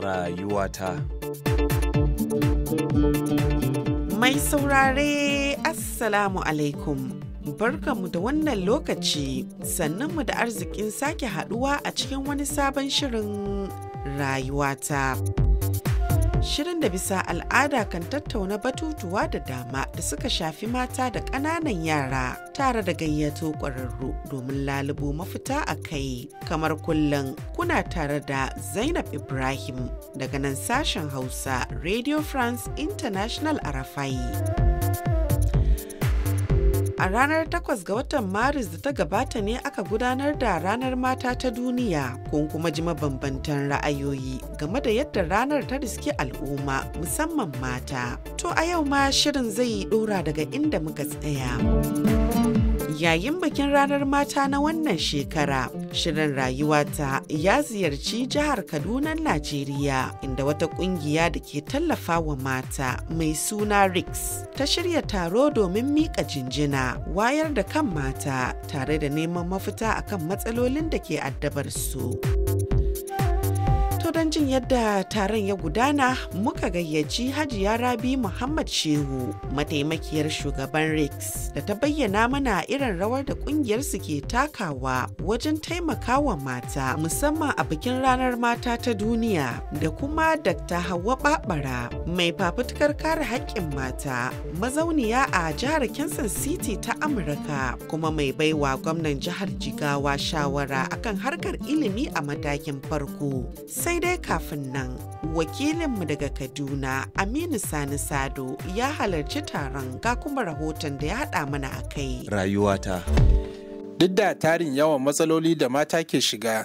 rayuwata. Mai saurare Assalamu alaikum. Barkanmu da wannan lokaci sannanmu da arzikin sake haduwa a cikin wani sabon shirin rayuwata. Shirin da bisa al'ada kan tattauna batutuwa da dama da suka shafi mata da ƙananan yara tare da gayyato ƙwararru domin lalubo mafita a kai. Kamar kullum kuna tare da Zainab Ibrahim daga nan sashen Hausa Radio France International a a ranar 8 ga watan Maris da ta gabata ne aka gudanar da ranar mata ta duniya kun kuma ji mabambantan ra'ayoyi game da yadda ranar ta riske al'umma musamman mata. To a yau ma shirin zai yi dora daga inda muka tsaya. yayin bikin ranar mata na wannan shekara shirin rayuwata ya ziyarci jihar kaduna najeriya inda wata kungiya da ke tallafa wa mata mai suna rics ta shirya taro domin mika jinjina wayar da kan mata tare da neman mafita akan matsalolin da ke addabar su to don jin yadda taron ya gudana muka gayyaci hajiya rabi muhammad shehu mataimakiyar shugaban rex da ta bayyana mana irin rawar da kungiyar su ke takawa wajen taimakawa mata musamman a bikin ranar mata ta duniya da kuma dr hawa babara mai fafutukar kare haƙƙin mata mazauniya a jihar kansas city ta amurka kuma mai baiwa gwamnan jihar jigawa shawara akan harkar ilimi a matakin farko sai dai kafin nan wakilinmu daga kaduna aminu sani sado ya halarci taron ga kuma rahoton da ya haɗa mana a kai rayuwata duk da tarin yawan matsaloli da mata ke shiga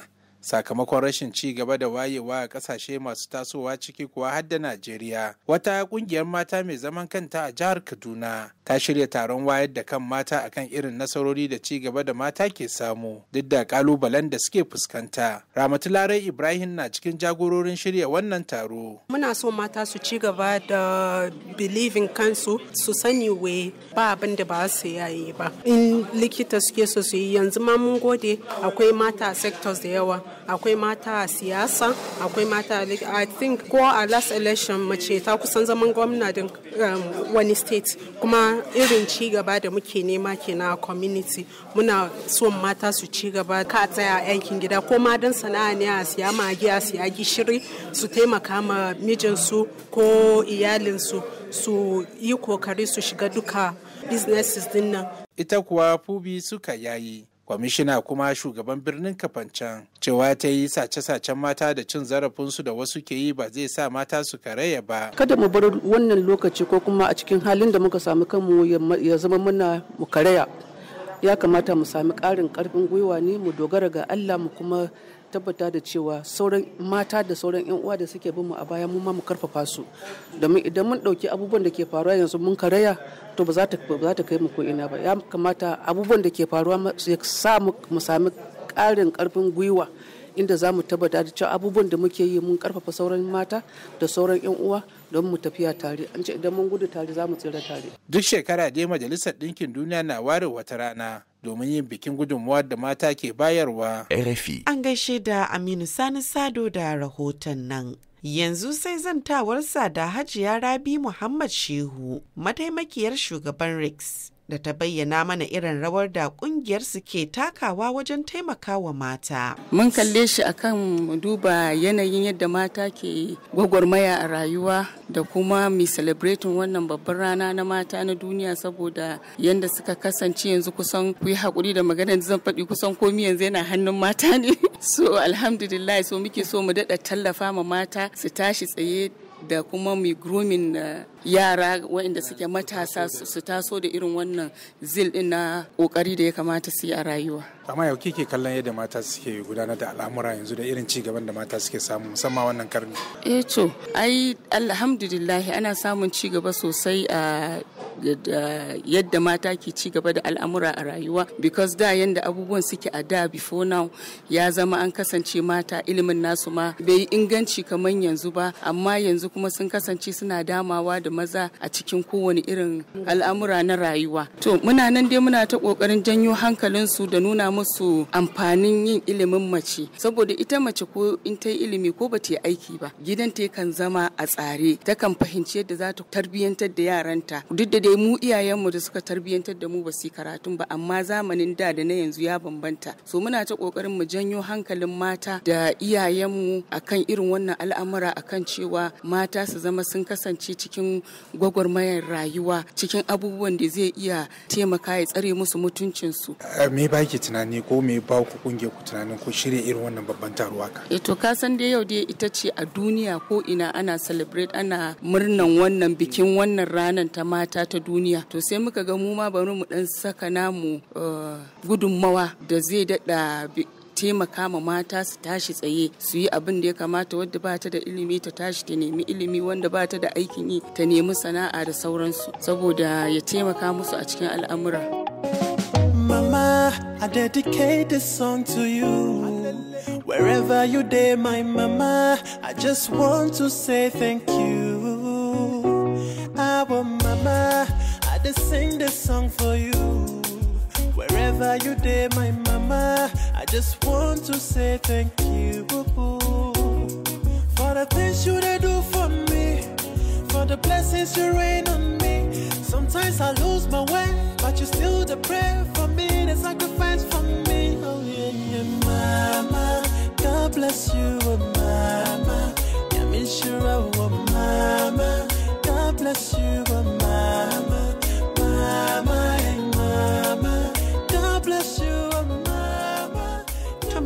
sakamakon rashin ci gaba da wayewa a kasashe masu tasowa ciki kuwa har da Najeriya. Wata kungiyar mata mai zaman kanta a jihar Kaduna ta shirya taron wayar da kan mata akan irin nasarori da ci gaba da mata ke samu duk da kalubalen da suke fuskanta. Ramatu Larai Ibrahim na cikin jagororin shirya wannan taro. Muna so mata su ci gaba da believing kansu su sani we ba abin da ba su yayi ba. In likita suke so su yi yanzu ma mun gode akwai mata sectors da yawa akwai mata a siyasa akwai mata i think ko a last election mace ta kusan zaman gwamna din um, wani state kuma irin ci gaba da muke nema kenan a community muna son mata su ci gaba ka tsaya yankin gida ko ma dan sana'a ne a siya magi a siya gishiri su taimaka ma mijinsu ko iyalinsu su yi kokari su shiga duka businesses din nan ita kuwa fubi suka yayi kwamishina kuma shugaban birnin kafancan cewa ta yi sace-sacen mata da cin zarafinsu da wasu ke yi ba zai sa mata su karaya ba kada mu bar wannan lokaci ko kuma a cikin halin da muka samu kanmu ya zama muna mu karaya ya kamata mu sami ƙarin karfin gwiwa ne mu dogara ga allah mu kuma tabbata da cewa sauran mata da sauran yan uwa da suke bin mu a baya mu ma mu karfafa su domin idan mun dauki abubuwan da ke faruwa yanzu mun karaya to ba za ta kai mu ko ina ba ya kamata abubuwan da ke faruwa su sa mu sami karin karfin gwiwa inda za mu tabbata da cewa abubuwan da muke yi mun karfafa sauran mata da sauran 'yan uwa don mu tafiya tare an ce idan mun gudu tare za mu tsira tare duk shekara dai majalisar ɗinkin duniya na ware wata rana domin yin bikin gudunmuwa da mata ke bayarwa rfi an gaishe da aminu sani sado da rahoton nan yanzu sai zantawarsa da hajiya rabi muhammad shehu mataimakiyar shugaban rics da ta bayyana mana irin rawar da kungiyar su ke takawa wajen taimakawa mata. Mun kalle shi akan duba yanayin yadda mata ke gwagwarmaya a rayuwa da kuma mi celebrating wannan babban rana na mata na duniya saboda yadda suka kasance yanzu kusan ku yi hakuri da maganar zan faɗi kusan komi yanzu yana hannun mata ne. So alhamdulillah so muke so mu daɗa tallafa ma mata su tashi tsaye da kuma mai grooming yara waɗanda suke matasa su taso da irin wannan zil din na kokari da ya kamata su yi a rayuwa. amma yau kike kallon yadda mata suke gudanar da al'amura yanzu da irin ci gaban da mata suke samu musamman wannan karni. eh to ai alhamdulillahi ana samun ci gaba sosai a yadda mata ke ci gaba da al'amura a rayuwa because da yadda abubuwan suke a da before now ya zama an kasance mata ilimin nasu ma bai inganci kamar yanzu ba amma yanzu kuma sun kasance suna damawa da maza a cikin kowane irin al'amura na rayuwa to muna nan dai muna ta kokarin janyo hankalin su da nuna musu amfanin yin ilimin mace saboda ita mace ko in ta yi ilimi ko ba ta yi aiki ba gidan ta kan zama a tsare ta kan fahimci yadda za ta tarbiyyantar da yaranta duk da dai mu iyayenmu da suka tarbiyyantar da mu ba su karatun ba amma zamanin da da na yanzu ya bambanta so muna ta kokarin mu janyo hankalin mata da iyayenmu akan irin wannan al'amura akan cewa mata mata su zama sun kasance cikin gwagwarmayar rayuwa cikin abubuwan da zai iya taimaka ya tsare musu mutuncinsu. Eh, me ba ki tunani ko me ba ku kungiya ku tunanin ko shirya irin wannan babban taruwa ka. E eh to ka san dai yau dai ita ce a duniya ko ina ana celebrate ana murnan wannan bikin wannan ranar ta mata ta duniya. To sai muka ga mu ma bari mu dan saka namu eh, gudunmawa da zai daɗa taimaka ma mata su tashi tsaye su yi abin da ya kamata wadda ba ta da ilimi ta tashi ta nemi ilimi wanda ba ta da aikin yi ta nemi sana'a da sauransu saboda ya taimaka musu a cikin al'amura. Mama, I dedicate this song to you. Wherever you day, my mama, I just want to say thank you. Our mama, I just sing this song for you. Wherever you day, my mama, I just want to say thank you, boo boo, for the things you did do for me, for the blessings you rain on me. Sometimes I lose my way, but you still the prayer for me, the sacrifice for me. Oh yeah, yeah, mama, God bless you, oh mama. Yeah, me sure, oh mama, God bless you.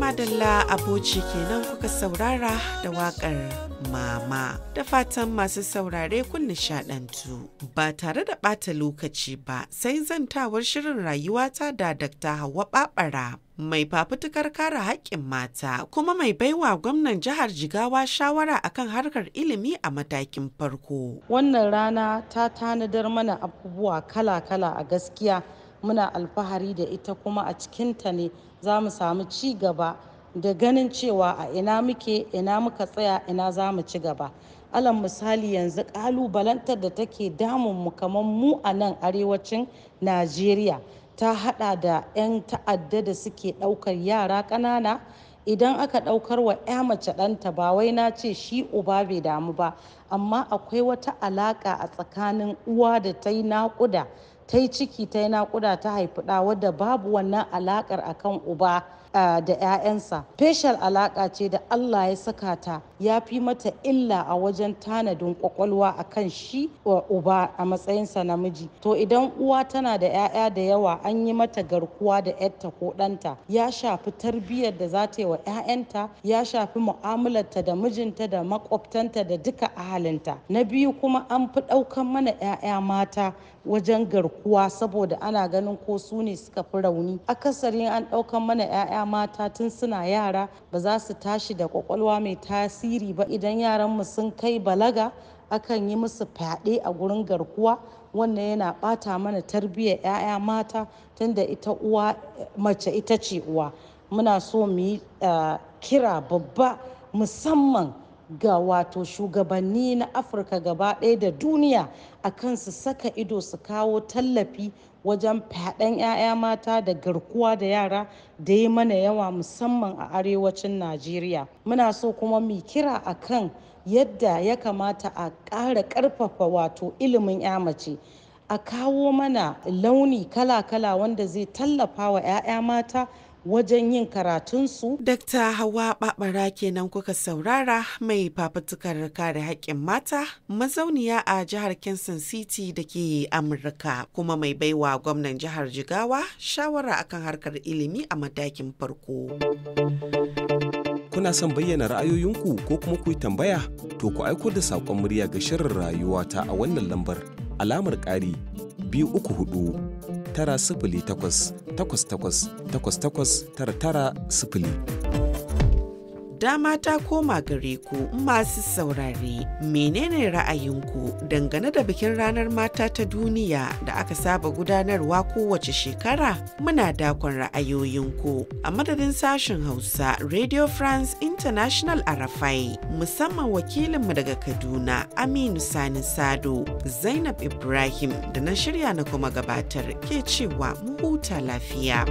madalla aboci kenan kuka saurara da waƙar mama da fatan masu saurare kun nishadantu ba tare da ɓata lokaci ba sai zan tawar shirin rayuwata da Dr. Hauwa Babara mai fafutukar kare haƙƙin mata kuma mai baiwa gwamnan jihar jigawa shawara akan harkar ilimi a matakin farko wannan rana ta tanadar mana abubuwa kala-kala a gaskiya muna alfahari da ita kuma a cikinta ne za mu samu ci gaba da ganin cewa a ina muke ina muka tsaya ina za mu ci gaba alal misali yanzu kalubalantar da take damunmu kamar mu a nan arewacin najeriya ta haɗa da 'yan ta'adda da suke ɗaukar yara ƙanana idan aka ɗaukar wa 'ya mace ɗanta ba wai na ce shi uba bai damu ba amma akwai wata alaƙa a tsakanin uwa da ta yi naƙuda ta yi ciki ta yi naƙuda ta haifi ɗa wadda babu wannan alaƙar akan uba da 'ya'yansa feshal alaƙa ce da Allah ya saka ta ya fi mata illa a wajen tanadin kwakwalwa kan shi wa uba a matsayinsa namiji to idan uwa tana da 'ya'ya da yawa an yi mata garkuwa da 'yarta ko ɗanta ya shafi tarbiyyar da za ta yi wa 'ya'yanta ya shafi mu'amalarta da mijinta da makwabtanta da duka ahalinta na biyu kuma an fi ɗaukan mana 'ya'ya mata wajen garkuwa saboda ana ganin ko su ne suka fi rauni akasari an ɗaukan mana 'ya'ya mata tun suna yara ba za su tashi da kwakwalwa mai tasiri ba idan yaran mu sun kai balaga akan yi musu fyaɗe a gurin garkuwa wannan yana ɓata mana tarbiyyar 'ya'ya mata tunda ita uwa mace ita ce uwa muna so mu yi eh, kira babba musamman ga wato shugabanni na afirka gaba ɗaya da duniya a kan su saka ido su kawo tallafi wajen fyaɗen 'ya'ya mata da garkuwa da yara da yi mana yawa musamman a arewacin najeriya muna so kuma mu kira a kan yadda ya kamata a ƙara ƙarfafa wato ilimin 'ya mace a kawo mana launi kala-kala wanda zai tallafa wa 'ya'ya mata wajen yin karatunsu. Dakta Hawa Babara kenan kuka saurara mai fafutukar kare haƙƙin mata mazauniya a jihar Kansas City da ke Amurka kuma mai baiwa gwamnan jihar Jigawa shawara akan harkar ilimi a matakin farko. Kuna son bayyana ra'ayoyinku ko kuma ku tambaya to ku aiko da saƙon murya ga shirin rayuwa ta a wannan lambar alamar ƙari biyu uku hudu tara sifili takwas takwas takwas takwas takwas tara tara sifili. dama ta koma gare ku masu saurare. Menene ra'ayinku dangane da bikin ranar mata ta duniya da aka saba gudanarwa kowace shekara? Muna dakon ra'ayoyinku. A madadin sashen Hausa, Radio France International Arafai, musamman wakilinmu daga Kaduna, Aminu Sani Sado, Zainab Ibrahim da na shirya na kuma gabatar ke cewa mu huta lafiya.